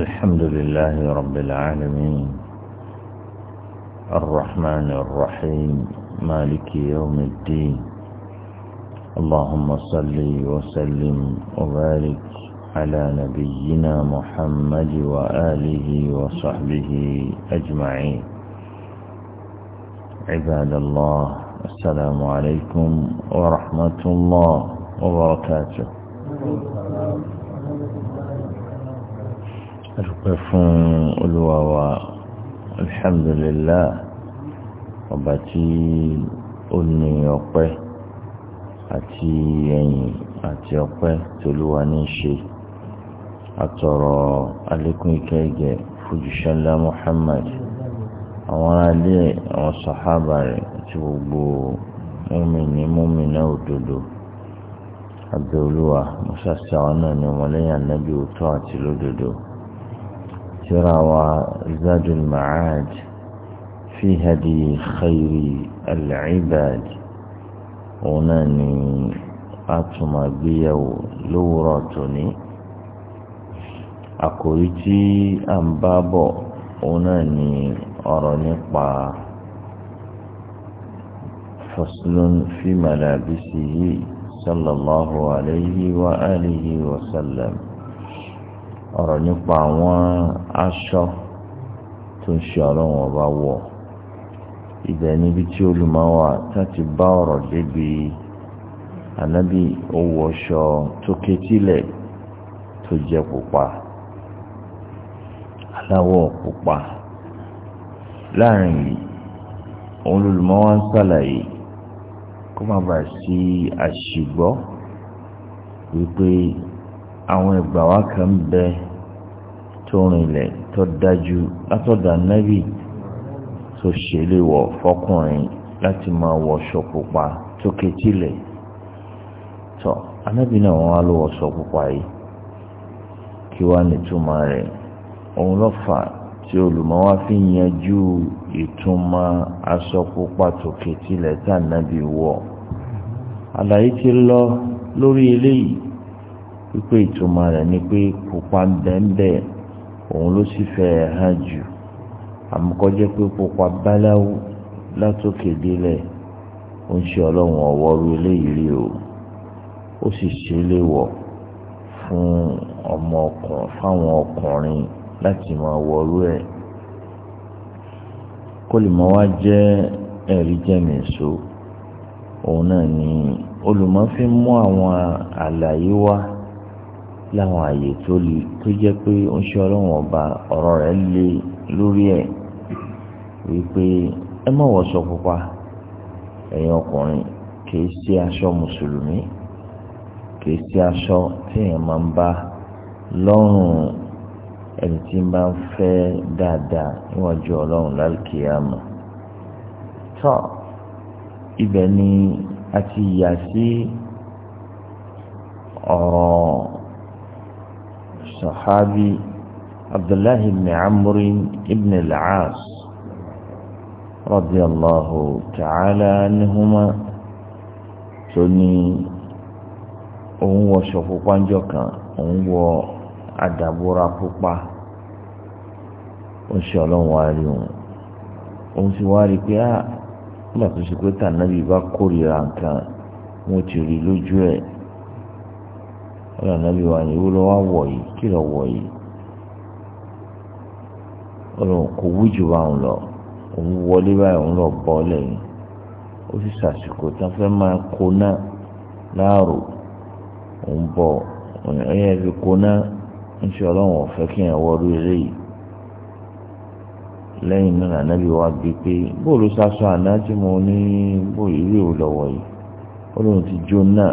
الحمد لله رب العالمين الرحمن الرحيم مالك يوم الدين اللهم صل وسلم وبارك على نبينا محمد وآله وصحبه أجمعين عباد الله السلام عليكم ورحمة الله وبركاته adúpẹ́ fún olúwa wa alhamdulillah ọba tí ó ní ọpẹ́ àti ẹ̀yìn àti ọpẹ́ tolúwa ní í ṣe àtọ̀rọ̀ alékún ìkẹ́ ìgẹ̀ fújìṣẹ́lá Muhammad àwọn aráalé àwọn sàhábà rẹ̀ àti gbogbo mùmínì mùmínà òdodo abẹ́ olúwa musa sí àwọn náà ní ọmọlẹ́yìn anábì òótọ́ àti lódodo. ترى وزاد المعاد في هدي خير العباد وناني أتما بيو لوراتني àkòrí tí à ń bá bọ̀ òun náà ni ọ̀rọ̀ nípa faslun fi malabisihi sallallahu alayhi wa alihi wa sallam ọ̀rọ̀ nípa àwọn aṣọ tó ń ṣe ọlọ́run ọba wọ̀ ibẹ̀ níbi tí olùmọ̀wà láti bá ọ̀rọ̀ débi ànábì owó ọṣọ tó ketílẹ̀ tó jẹ́ pupa aláwọ̀ pupa láàrin yìí òun lolùmọ̀wà ń ṣàlàyé kó má bàa sí àṣìgbọ́ wípé àwọn ìgbà wa kan bẹ tó rinlẹ̀ tó dájú látọ̀dà nábì tó ṣèlè wọ̀ fọkùnrin láti máa wọṣọ pupa tó ketílẹ̀ tó anábì náà wọn á lọ wọṣọ pupa yìí kí wá nìtúmọ̀ rẹ̀ òun ló fà tí olùmọ̀ wá fi yanjú ìtumọ̀ aṣọ tó ketílẹ̀ tá nábì wọ̀ àlàyé ti lọ lórí eléyìí wípé ìtumọ̀ rẹ̀ ni pé pupa bẹ́ẹ̀nbẹ́ òun ló sì fẹ́ hàn jù àmúkọ́jẹ́ pé pupa báláwo látòkè délẹ̀ ó ń ṣe ọlọ́run ọ̀wọ́ ru eléyìí rí o ó sì ṣe é léwọ̀ fún ọmọ ọkùnrin fáwọn ọkùnrin láti máa wọrú ẹ̀ kó wá jẹ́ ẹ̀rí jẹ́mi so òun náà ni olùmọ́ fi mú àwọn àlàyé wá láwọn àyè tó le tó jẹ́ pé ó ń ṣe ọlọ́run ọba ọ̀rọ̀ rẹ̀ le lórí ẹ̀ wípé ẹ má wọṣọ pupa ẹ̀yin ọkùnrin kìí ṣe aṣọ mùsùlùmí kìí ṣe aṣọ téèyàn máa ń bá lọ́rùn ẹni tí ń bá ń fẹ́ dáadáa níwájú ọlọ́run lálùkìyàmù tọ́ ibẹ̀ ni a ti yà sí ọ̀rọ̀. الصحابي عبد الله بن عمرو بن العاص رضي الله تعالى عنهما tóní òun wọ ṣọ̀fù pánjọ kan òun wọ àdàbúra pupa ó ṣe ọlọ́run wá rí òun òun sì wá rí pé á ah, nígbà tó ṣe pé tànàbí bá kórìíra nǹkan wọn ti rí lójú ẹ̀ ọla lọ nàbí wa yìí wúlò wá wọ kí lọ wọ lọ kò wújù bá lọ òun wọlé báyìí òun lọ bọ lẹ́yìn ó sì sàṣìkò tán fẹ́ máa kó náà láàrò òun bọ ẹyẹ fi kó náà ń ṣe ọlọ́run ọ̀fẹ́ kí ẹ̀ wọlé eléyìí lẹ́yìn náà wa gbé pé bóòlù sásọ àná tí mo ní bóòlù ìwé ò lọ́wọ́ yìí ó lóun ti jó náà.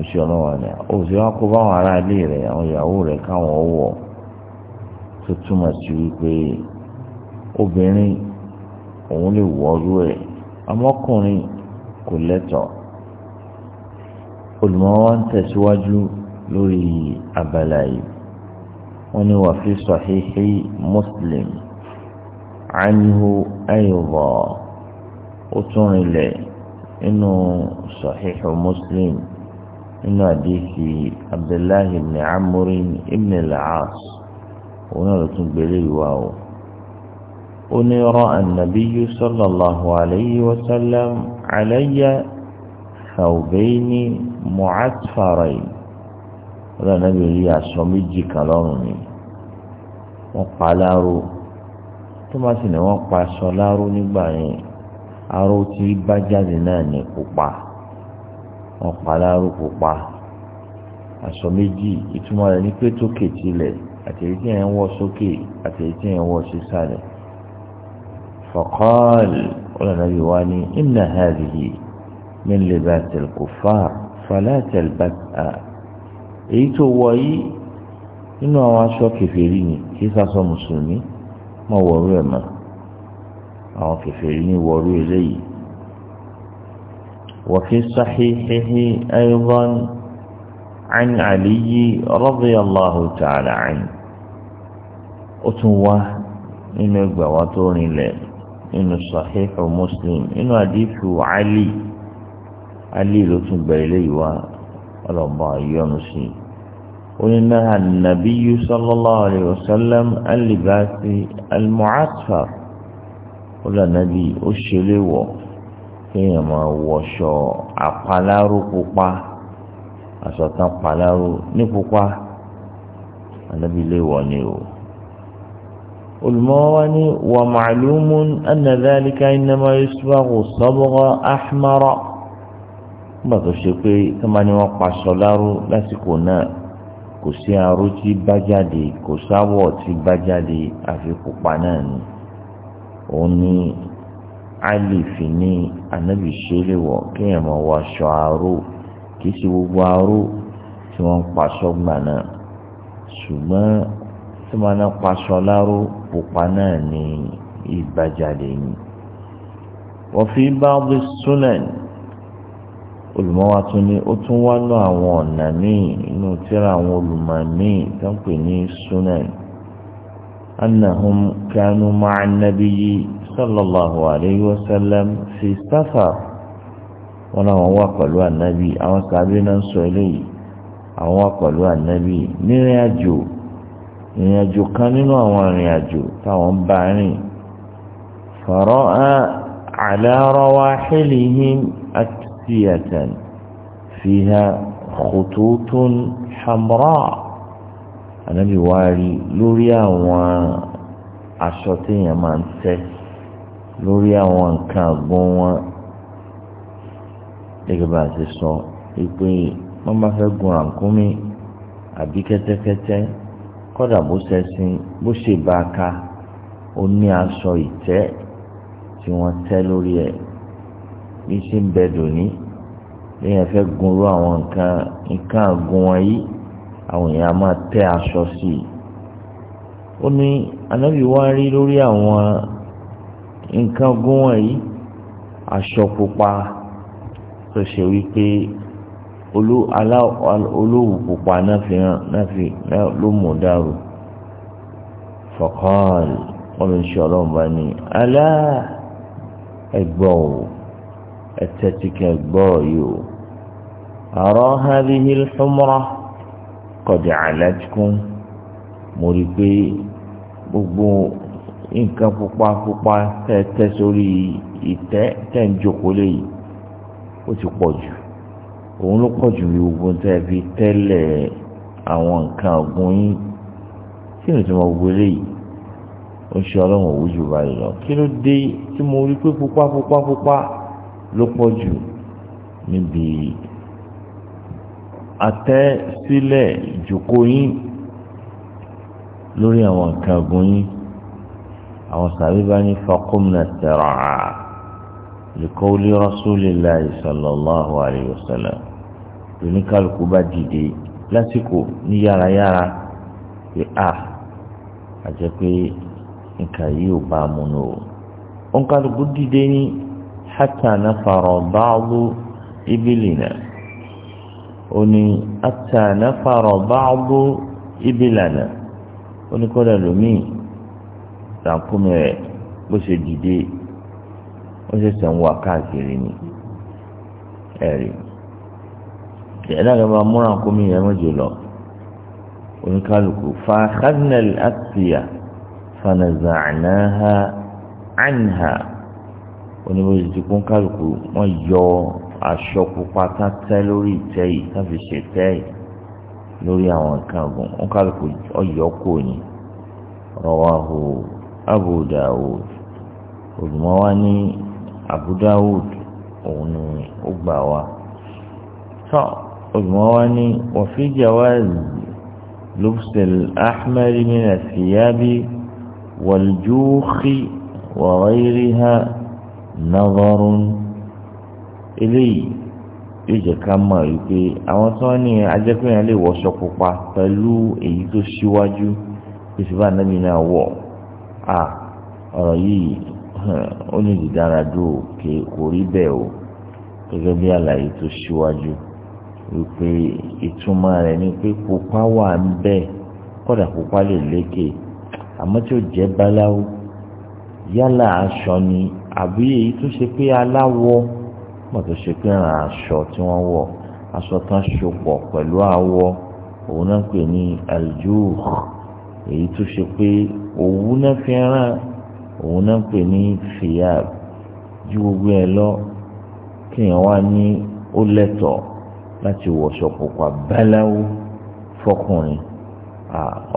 oṣù ọlọ́wọ́ ni oṣù wa kó báwọn ará ilé rẹ̀ àwọn ìyàwó rẹ̀ káwọn ọwọ́ tó túmọ̀ sí wípé obìnrin òun lè wọ́ọ́rú ẹ̀ ọmọkùnrin kò lẹ́tọ̀ọ́ olùmọ̀ wa ń tẹ̀síwájú lórí abala yìí wọ́n ní wà fi sahihi Muslim anhu ayọ̀bọ̀ ó tún rinlẹ̀ nínú sahihi Muslim nínú àdéhì abdullahi ibn amurin ibn al-aas òun náà ló tún gbélé ìwà o ó ní rán ànàbíyú sallallahu alayhi wa sallam alayya thawbayni mu'atfarayn ọlọ́ ànábì rí aṣọ méjì kan lọ́rùn mi wọ́n pa láró tó má sì ní wọ́n pa aṣọ láró nígbà yẹn aró tí bá jáde náà ní pupa wọn pa alárùkù pa aṣọ méjì ìtumọ̀ rẹ̀ ní pé tókè tilẹ̀ àtẹ̀yí tí yẹn ń wọ̀ sókè àtẹ̀yí tí yẹn ń wọ̀ sísàlẹ̀ fọ̀kọ́ọ̀l ọlọ́nàbí wa ní inna hadhihi min libasil kuffar fala talbasha èyí tó wọ̀ yìí nínú àwọn aṣọ kẹfẹ́rí ni kí sásọ mùsùlùmí mọ̀ wọ̀ọ́rú ẹ̀ mọ́ àwọn kẹfẹ́rí ni wọ̀ọ́rú eléyìí. وفي صحيحه أيضا عن علي رضي الله تعالى عنه أتوى إن إقبواتون إليه إن صحيح مسلم إن حديث علي علي لتنب إليه وربا يونسي وإنها النبي صلى الله عليه وسلم اللباس المعطر ولا نبي أشلي kéèyàn máa wọṣọ àpaláró pupa àṣọtán paláró ní pupa ànábi lè wọ ni o olùmọ́wá ní wà màálùmú ẹnàdálíkà ìnáma yusufu sọ́bọ́gọ́ ahmarọ́ nígbà tó ṣe pé kọ́má ni wọ́n pa sọ́láró lásìkò náà kò sí aró tí bá jáde kò sáwọ̀ tí bá jáde àfi pupa náà ni òun ní alif ní anabi ṣeré wọ kéèyàn máa wọ aṣọ aró kì í ṣe gbogbo aró tí wọ́n ń paṣọ gbà náà ṣùgbọ́n tí wọ́n náà paṣọ láró pupa náà ní ìgbàjáde ni. wọ́n fi ba'd sunan olùmọ́wá tún ní ó tún wá lọ àwọn ọ̀nà míì inú tíra àwọn olùmọ̀ míì tó ń pè ní sunan annahum kanu ma'a nabiyyi صلى الله عليه وسلم في السفر وانا وقع له النبي او سابنا سولي او وقع له النبي نرياجو ìrìnàjò kan nínú àwọn ìrìnàjò táwọn ń bá rìn fọ̀rọ̀ ala rawahilihim aksiyatan fiha khututun hamra anábìwárí lórí àwọn aṣọ téèyàn máa ń tẹ́ lórí àwọn nǹkan àgbọn wọn gẹ́gẹ́ bá a ti sọ ìpè wọ́n bá fẹ́ gun àǹkúmí àbí kẹ́tẹ́kẹ́tẹ́ kọ́dà bó ṣẹṣin bó ṣe bá a ká ó ní aṣọ ìtẹ́ tí wọ́n tẹ́ lórí ẹ̀ bí ṣe ń bẹ dòní lẹ́yìn fẹ́ gunrú àwọn nǹkan nǹkan àgùn wọn yìí àwọn èèyàn máa tẹ́ aṣọ sí i ó ní anábì lórí àwọn nǹkan gún wọ̀nyí aṣọ pupa tó ṣe wípé olówù pupa náà fi hàn náà fi ló mú dàrú fọkàn olùṣọ́ ọlọ́run bá ní alá ẹgbọ́ o ẹtẹ́tìkẹ́ ẹgbọ́ yìí o àrọ́ hadhihi al-humra qad alatkum mo rí i pé gbogbo nǹkan pupa pupa tẹ́tẹ́ sórí ìtẹ́ tẹ́ ń jókòó léyìí ó ti pọ̀ jù òun ló pọ̀ jù ní ogun tẹ́ fi tẹ́lẹ̀ àwọn nǹkan ọ̀gbun yín kí ni tí mo gbé léyìí ó ṣe ọlọ́run òwú jù báyìí lọ kí ló dé tí mo rí pé pupa pupa pupa ló pọ̀ jù níbi atẹ́ sílẹ̀ jókòó yín lórí àwọn nǹkan ọ̀gbun yín àwọn sàbí bá ní faqumna sir'a liqawli rasulillahi sallallahu alayhi wa sallam oníkàlùkù bá dìde lásìkò ní yárayára pé a àjẹ pé nǹkan yìí ò bá mu nù o oníkàlùkù dìde ní hatta nafara ba'du ibilina ó ní hatta nafara ba'du ibilana ó ní lómìn ràkúnmí rẹ̀ bó ṣe dìde ó ṣe sàn wà káàkiri ni ẹ̀rí ẹ̀dá kan máa mú ràkúnmí yẹn mọ́jọ lọ oníkálukú fa khadnal asiya fanazanaha anha oníbòsí ti kún kálukú wọn yọ aṣọ pupa tá tẹ lórí ìtẹ́ yìí tá ṣe tẹ́ lórí àwọn nǹkan ọgbọ́n wọn kálukú ọyọ kò ní rawahu. Abu Dawud olùmọ̀ wa ní Abu Dawud òun ni ó gbà wá tó olùmọ̀ wa ní wàfi jawaz lubsil ahmari mina siyabi waljuuxi wa ghayriha nazarun eléyìí yóò jẹ ká mọ̀ wípé àwọn tí ní ajẹpẹyìn lè wọṣọ pupa pẹ̀lú èyí tó síwájú ìṣùbà nàbì náà wọ à ọ̀rọ̀ yìí ó ní ìdáradó kò rí bẹ́ẹ̀ o gẹ́gẹ́ bí àlàyé tó ṣíwájú wípé ìtumọ̀ rẹ̀ ni pé pupa wà ń bẹ kódà pupa lè lékè àmọ́ tí ó jẹ́ báláwo yálà aṣọ ni àbí èyí tó ṣe pé aláwọ̀ mọ̀ tó ṣe pé ràn aṣọ tí wọ́n wọ̀ aṣọ tán ṣopọ̀ pẹ̀lú àwọ̀ òun náà pè ní aljuh èyí tó ṣe pé òwú náà fi rán òun náà pè ní fìyà ju gbogbo ẹ lọ kéèyàn wá ní ó lẹ́tọ̀ọ́ láti wọ̀ṣọ pupa báláwo fọkùnrin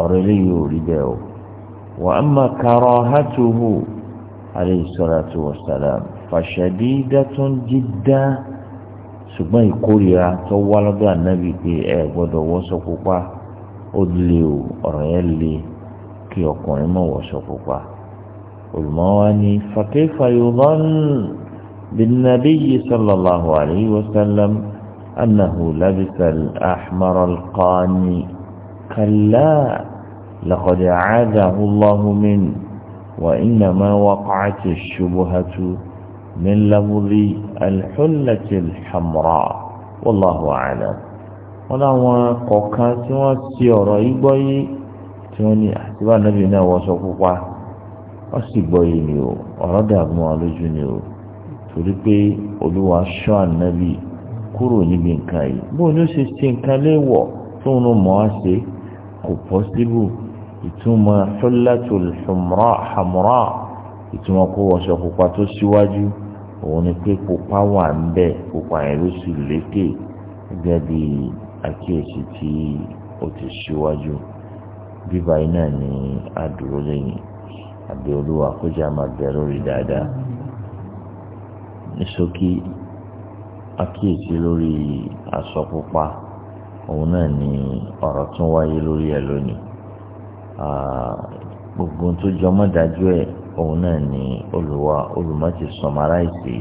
ọ̀rọ̀ eléyìí ò rí bẹ́ẹ̀ o wa amma karahatuhu alayhi salatu wassalam fashadidatun jidda ṣùgbọ́n ìkórìíra tó wá lọ́dọ̀ ànábì pé ẹ gbọ́dọ̀ wọṣọ pupa ó lé o ọ̀rọ̀ yẹn lé kí ọkùnrin mọ̀ wọṣọ pupa olùmọ́wá ní fàkẹ́fà yudhan bìnnàbíyì yìí alayhi wa sallam annahu labisa al-ahmar al-qani kàlá laqad aada allahu min wa innama waqa'at ash-shubhatu min labudi al-hullati al-hamra wallahu a'lam wọn àwọn kọ̀ọ̀kan tí wọ́n ti ọ̀rọ̀ yìí gbọ́ yìí. tí wọ́n ní àtiwá nàbì náà wọṣọ pupa wọ́n sì gbọ́ yìí ni o ọ̀rọ̀ dààmú wọn ni o torí pé olúwa ṣọ́ ànábì kúrò níbi nǹkan yìí bóun ni ó ṣe ṣe nǹkan léèwọ̀ tó ń mọ̀ á ṣe kò pọ́síbù ìtumọ̀ fúlẹ́tù hamra ìtumọ̀ kó wọṣọ pupa tó síwájú òun ni pé pupa wà ń bẹ̀ pupa yẹn ló sì lékè gẹ́gẹ́ bí àkíyèsí tí ó ti síwájú bíbá iná ni àdúró lẹ́yìn àbí olúwa kójà máa bẹ̀ lórí dáadáa ní ṣókí lórí aṣọ òun náà ni ọ̀rọ̀ tún wáyé lórí ẹ̀ lónìí gbogbo tó jọmọ́ dájú ẹ̀ òun náà ni olùwà olùmọ̀tì sọmaráìsì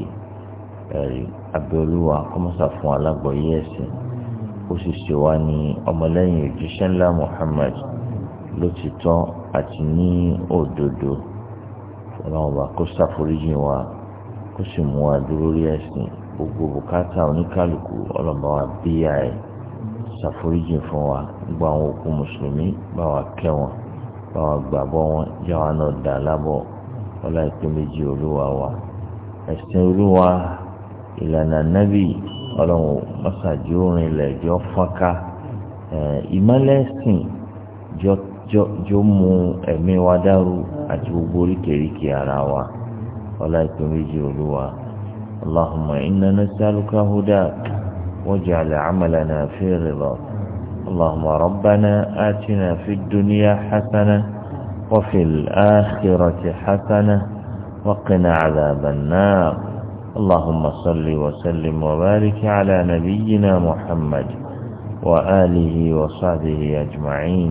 ẹ̀rí abẹ́olúwa kọ́mọ́sà fún alágbọ̀yé ẹ̀sìn ó sì ṣe wá ní ọmọlẹ́yìn òjíṣẹ́ ńlá Muhammad lótìtọ́ àti ní òdodo ọlọ́run bá kó ṣàforíjì wa kó sì mú wa dúró rí ẹ̀sìn gbogbo bùkátà oníkálukú ọlọ́run bá wa bíyà ẹ̀ ṣàforíjì fún wa gbọ́ àwọn òkú mùsùlùmí bá wa kẹ́ wọn bá wa gbàgbọ́ wọn wa náà dà lábọ̀ ọlá ìpè méjì olúwa wa ẹ̀sìn olúwa ìlànà nábì ọlọ́run orin ilẹ̀ jọ fọ́nká ìmọ̀lẹ́sìn jọ jó mu ẹ̀mí wa dàrú àti gbogbo oríkèéríkè ara wa ọlá ìpè méjì olúwa allahumma inna nas'aluka hudak waj'al 'amalana fi ridak allahumma rabbana atina fid dunya hasana wa fil akhirati hasana wa qina 'adhaban nar اللهم صل وسلم وبارك على نبينا محمد وآله وصحبه أجمعين